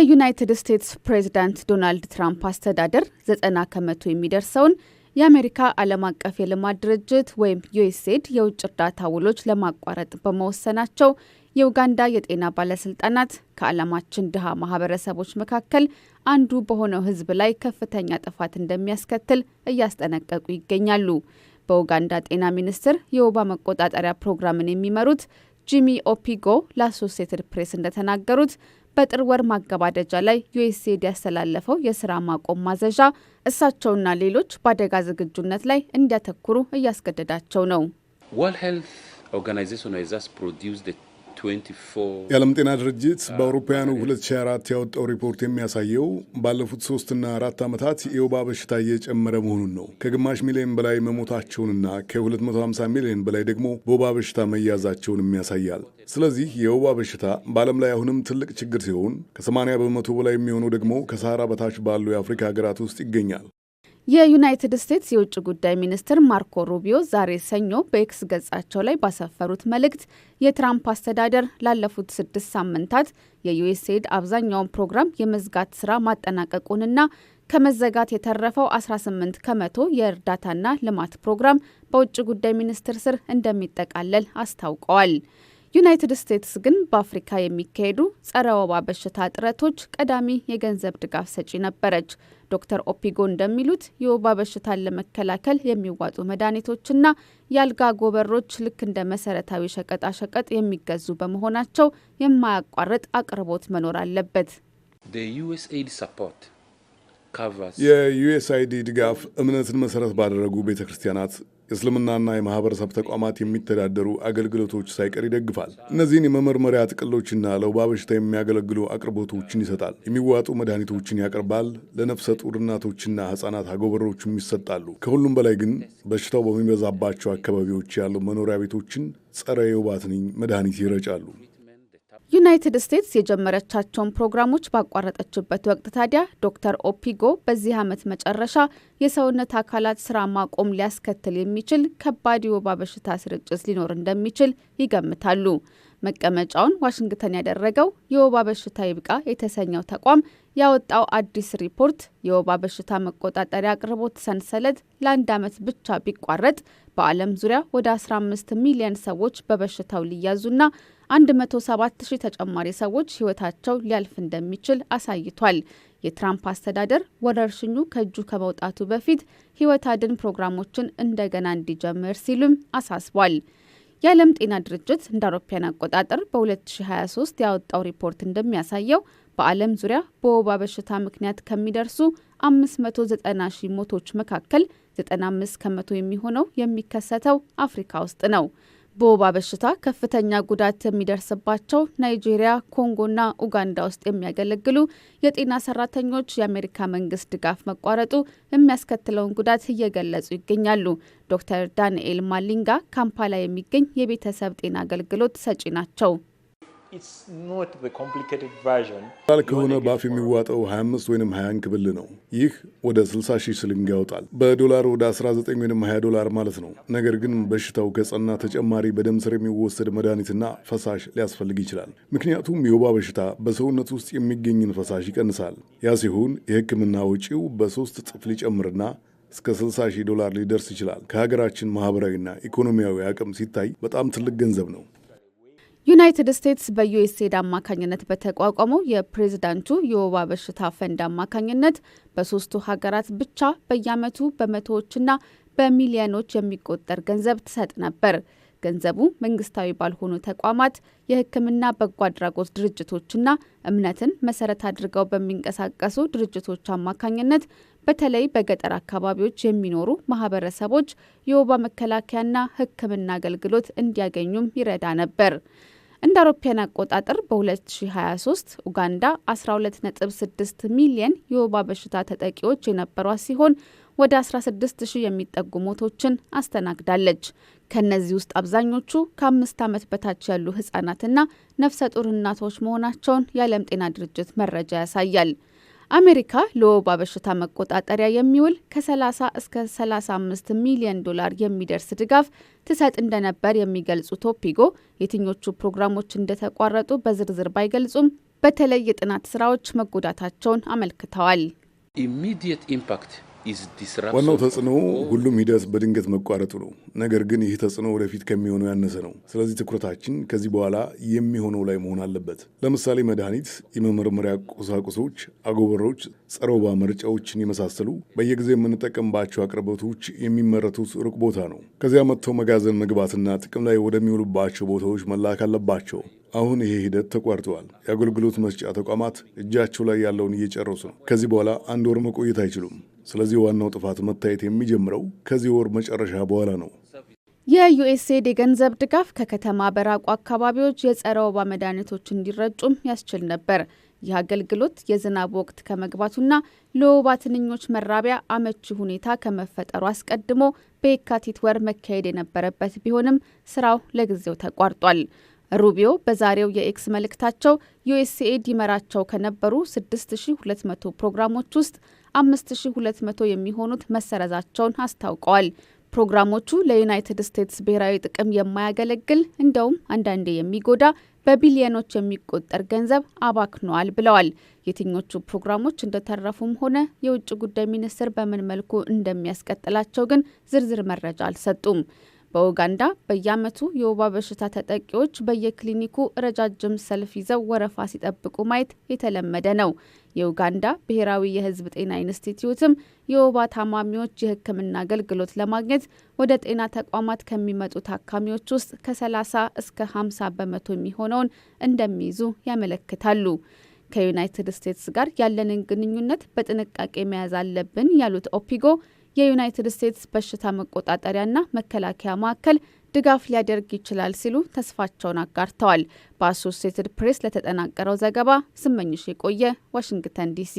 የዩናይትድ ስቴትስ ፕሬዚዳንት ዶናልድ ትራምፕ አስተዳደር ዘጠና ከመቶ የሚደርሰውን የአሜሪካ ዓለም አቀፍ የልማት ድርጅት ወይም ዩኤስኤድ የውጭ እርዳታ ውሎች ለማቋረጥ በመወሰናቸው የኡጋንዳ የጤና ባለስልጣናት ከዓለማችን ድሃ ማህበረሰቦች መካከል አንዱ በሆነው ሕዝብ ላይ ከፍተኛ ጥፋት እንደሚያስከትል እያስጠነቀቁ ይገኛሉ። በኡጋንዳ ጤና ሚኒስቴር የወባ መቆጣጠሪያ ፕሮግራምን የሚመሩት ጂሚ ኦፒጎ ለአሶሴትድ ፕሬስ እንደተናገሩት በጥር ወር ማገባደጃ ላይ ዩኤስኤድ ያስተላለፈው የስራ ማቆም ማዘዣ እሳቸውና ሌሎች በአደጋ ዝግጁነት ላይ እንዲያተኩሩ እያስገደዳቸው ነው። የዓለም ጤና ድርጅት በአውሮፓውያኑ 2024 ያወጣው ሪፖርት የሚያሳየው ባለፉት ሶስትና አራት ዓመታት የወባ በሽታ እየጨመረ መሆኑን ነው። ከግማሽ ሚሊዮን በላይ መሞታቸውንና ከ250 ሚሊዮን በላይ ደግሞ በወባ በሽታ መያዛቸውን ያሳያል። ስለዚህ የወባ በሽታ በዓለም ላይ አሁንም ትልቅ ችግር ሲሆን ከ80 በመቶ በላይ የሚሆነው ደግሞ ከሰሃራ በታች ባሉ የአፍሪካ ሀገራት ውስጥ ይገኛል። የዩናይትድ ስቴትስ የውጭ ጉዳይ ሚኒስትር ማርኮ ሩቢዮ ዛሬ ሰኞ በኤክስ ገጻቸው ላይ ባሰፈሩት መልእክት የትራምፕ አስተዳደር ላለፉት ስድስት ሳምንታት የዩኤስኤድ አብዛኛውን ፕሮግራም የመዝጋት ስራ ማጠናቀቁንና ከመዘጋት የተረፈው 18 ከመቶ የእርዳታና ልማት ፕሮግራም በውጭ ጉዳይ ሚኒስቴር ስር እንደሚጠቃለል አስታውቀዋል። ዩናይትድ ስቴትስ ግን በአፍሪካ የሚካሄዱ ጸረ ወባ በሽታ ጥረቶች ቀዳሚ የገንዘብ ድጋፍ ሰጪ ነበረች። ዶክተር ኦፒጎ እንደሚሉት የወባ በሽታን ለመከላከል የሚዋጡ መድኃኒቶችና የአልጋ ጎበሮች ልክ እንደ መሰረታዊ ሸቀጣሸቀጥ የሚገዙ በመሆናቸው የማያቋርጥ አቅርቦት መኖር አለበት። የዩኤስአይዲ ድጋፍ እምነትን መሰረት ባደረጉ ቤተ ክርስቲያናት የእስልምናና የማህበረሰብ ተቋማት የሚተዳደሩ አገልግሎቶች ሳይቀር ይደግፋል። እነዚህን የመመርመሪያ ጥቅሎችና ለውባ በሽታ የሚያገለግሉ አቅርቦቶችን ይሰጣል። የሚዋጡ መድኃኒቶችን ያቀርባል። ለነፍሰ ጡር እናቶችና ሕጻናት አጎበሮችም ይሰጣሉ። ከሁሉም በላይ ግን በሽታው በሚበዛባቸው አካባቢዎች ያሉ መኖሪያ ቤቶችን ጸረ የወባ ትንኝ መድኃኒት ይረጫሉ። ዩናይትድ ስቴትስ የጀመረቻቸውን ፕሮግራሞች ባቋረጠችበት ወቅት ታዲያ ዶክተር ኦፒጎ በዚህ ዓመት መጨረሻ የሰውነት አካላት ስራ ማቆም ሊያስከትል የሚችል ከባድ የወባ በሽታ ስርጭት ሊኖር እንደሚችል ይገምታሉ። መቀመጫውን ዋሽንግተን ያደረገው የወባ በሽታ ይብቃ የተሰኘው ተቋም ያወጣው አዲስ ሪፖርት የወባ በሽታ መቆጣጠሪያ አቅርቦት ሰንሰለት ለአንድ ዓመት ብቻ ቢቋረጥ በዓለም ዙሪያ ወደ 15 ሚሊዮን ሰዎች በበሽታው ሊያዙና 107 ተጨማሪ ሰዎች ህይወታቸው ሊያልፍ እንደሚችል አሳይቷል። የትራምፕ አስተዳደር ወረርሽኙ ከእጁ ከመውጣቱ በፊት ህይወት አድን ፕሮግራሞችን እንደገና እንዲጀምር ሲሉም አሳስቧል። የዓለም ጤና ድርጅት እንደ አውሮፓውያን አቆጣጠር በ2023 ያወጣው ሪፖርት እንደሚያሳየው በዓለም ዙሪያ በወባ በሽታ ምክንያት ከሚደርሱ 590 ሺህ ሞቶች መካከል 95 ከመቶ የሚሆነው የሚከሰተው አፍሪካ ውስጥ ነው። በወባ በሽታ ከፍተኛ ጉዳት የሚደርስባቸው ናይጄሪያ፣ ኮንጎና ኡጋንዳ ውስጥ የሚያገለግሉ የጤና ሰራተኞች የአሜሪካ መንግስት ድጋፍ መቋረጡ የሚያስከትለውን ጉዳት እየገለጹ ይገኛሉ። ዶክተር ዳንኤል ማሊንጋ ካምፓላ የሚገኝ የቤተሰብ ጤና አገልግሎት ሰጪ ናቸው። ላል ከሆነ በአፍ የሚዋጠው 25 ወይም 20 እንክብል ነው። ይህ ወደ 60 ሺህ ስሊንግ ያወጣል። በዶላር ወደ 19 ወይም 20 ዶላር ማለት ነው። ነገር ግን በሽታው ከጸና ተጨማሪ በደም ስር የሚወሰድ መድኃኒትና ፈሳሽ ሊያስፈልግ ይችላል። ምክንያቱም የወባ በሽታ በሰውነት ውስጥ የሚገኝን ፈሳሽ ይቀንሳል። ያ ሲሆን የህክምና ወጪው በሶስት እጥፍ ሊጨምርና እስከ 60 ሺህ ዶላር ሊደርስ ይችላል። ከሀገራችን ማህበራዊና ኢኮኖሚያዊ አቅም ሲታይ በጣም ትልቅ ገንዘብ ነው። ዩናይትድ ስቴትስ በዩኤስኤድ አማካኝነት በተቋቋመው የፕሬዝዳንቱ የወባ በሽታ ፈንድ አማካኝነት በሶስቱ ሀገራት ብቻ በየዓመቱ በመቶዎችና በሚሊዮኖች የሚቆጠር ገንዘብ ትሰጥ ነበር። ገንዘቡ መንግስታዊ ባልሆኑ ተቋማት፣ የሕክምና በጎ አድራጎት ድርጅቶችና እምነትን መሰረት አድርገው በሚንቀሳቀሱ ድርጅቶች አማካኝነት በተለይ በገጠር አካባቢዎች የሚኖሩ ማህበረሰቦች የወባ መከላከያና ሕክምና አገልግሎት እንዲያገኙም ይረዳ ነበር። እንደ አውሮፓውያን አቆጣጠር በ2023 ኡጋንዳ 12.6 ሚሊየን የወባ በሽታ ተጠቂዎች የነበሯት ሲሆን ወደ 16 ሺህ የሚጠጉ ሞቶችን አስተናግዳለች። ከእነዚህ ውስጥ አብዛኞቹ ከአምስት ዓመት በታች ያሉ ህጻናትና ነፍሰ ጡር እናቶች መሆናቸውን የዓለም ጤና ድርጅት መረጃ ያሳያል። አሜሪካ ለወባ በሽታ መቆጣጠሪያ የሚውል ከ30 እስከ 35 ሚሊዮን ዶላር የሚደርስ ድጋፍ ትሰጥ እንደነበር የሚገልጹ ቶፒጎ የትኞቹ ፕሮግራሞች እንደተቋረጡ በዝርዝር ባይገልጹም በተለይ የጥናት ስራዎች መጎዳታቸውን አመልክተዋል። ኢሚዲየት ኢምፓክት ዋናው ተጽዕኖ ሁሉም ሂደት በድንገት መቋረጡ ነው። ነገር ግን ይህ ተጽዕኖ ወደፊት ከሚሆነው ያነሰ ነው። ስለዚህ ትኩረታችን ከዚህ በኋላ የሚሆነው ላይ መሆን አለበት። ለምሳሌ መድኃኒት፣ የመመርመሪያ ቁሳቁሶች፣ አጎበሮች፣ ጸረ ወባ መርጫዎችን የመሳሰሉ በየጊዜ የምንጠቀምባቸው አቅርቦቶች የሚመረቱት ሩቅ ቦታ ነው። ከዚያ መጥተው መጋዘን መግባትና ጥቅም ላይ ወደሚውሉባቸው ቦታዎች መላክ አለባቸው። አሁን ይሄ ሂደት ተቋርጠዋል። የአገልግሎት መስጫ ተቋማት እጃቸው ላይ ያለውን እየጨረሱ ነው። ከዚህ በኋላ አንድ ወር መቆየት አይችሉም። ስለዚህ ዋናው ጥፋት መታየት የሚጀምረው ከዚህ ወር መጨረሻ በኋላ ነው። የዩኤስኤድ የገንዘብ ድጋፍ ከከተማ በራቁ አካባቢዎች የጸረ ወባ መድኃኒቶች እንዲረጩም ያስችል ነበር። ይህ አገልግሎት የዝናብ ወቅት ከመግባቱና ለወባ ትንኞች መራቢያ አመቺ ሁኔታ ከመፈጠሩ አስቀድሞ በየካቲት ወር መካሄድ የነበረበት ቢሆንም ስራው ለጊዜው ተቋርጧል። ሩቢዮ በዛሬው የኤክስ መልእክታቸው ዩኤስኤድ ይመራቸው ከነበሩ 6200 ፕሮግራሞች ውስጥ 5200 የሚሆኑት መሰረዛቸውን አስታውቀዋል። ፕሮግራሞቹ ለዩናይትድ ስቴትስ ብሔራዊ ጥቅም የማያገለግል እንደውም አንዳንዴ የሚጎዳ በቢሊዮኖች የሚቆጠር ገንዘብ አባክኗል ብለዋል። የትኞቹ ፕሮግራሞች እንደተረፉም ሆነ የውጭ ጉዳይ ሚኒስቴር በምን መልኩ እንደሚያስቀጥላቸው ግን ዝርዝር መረጃ አልሰጡም። በኡጋንዳ በየዓመቱ የወባ በሽታ ተጠቂዎች በየክሊኒኩ ረጃጅም ሰልፍ ይዘው ወረፋ ሲጠብቁ ማየት የተለመደ ነው። የኡጋንዳ ብሔራዊ የሕዝብ ጤና ኢንስቲትዩትም የወባ ታማሚዎች የሕክምና አገልግሎት ለማግኘት ወደ ጤና ተቋማት ከሚመጡ ታካሚዎች ውስጥ ከ30 እስከ 50 በመቶ የሚሆነውን እንደሚይዙ ያመለክታሉ። ከዩናይትድ ስቴትስ ጋር ያለንን ግንኙነት በጥንቃቄ መያዝ አለብን ያሉት ኦፒጎ የዩናይትድ ስቴትስ በሽታ መቆጣጠሪያና መከላከያ ማዕከል ድጋፍ ሊያደርግ ይችላል ሲሉ ተስፋቸውን አጋርተዋል። በአሶሴትድ ፕሬስ ለተጠናቀረው ዘገባ ስመኝሽ የቆየ ዋሽንግተን ዲሲ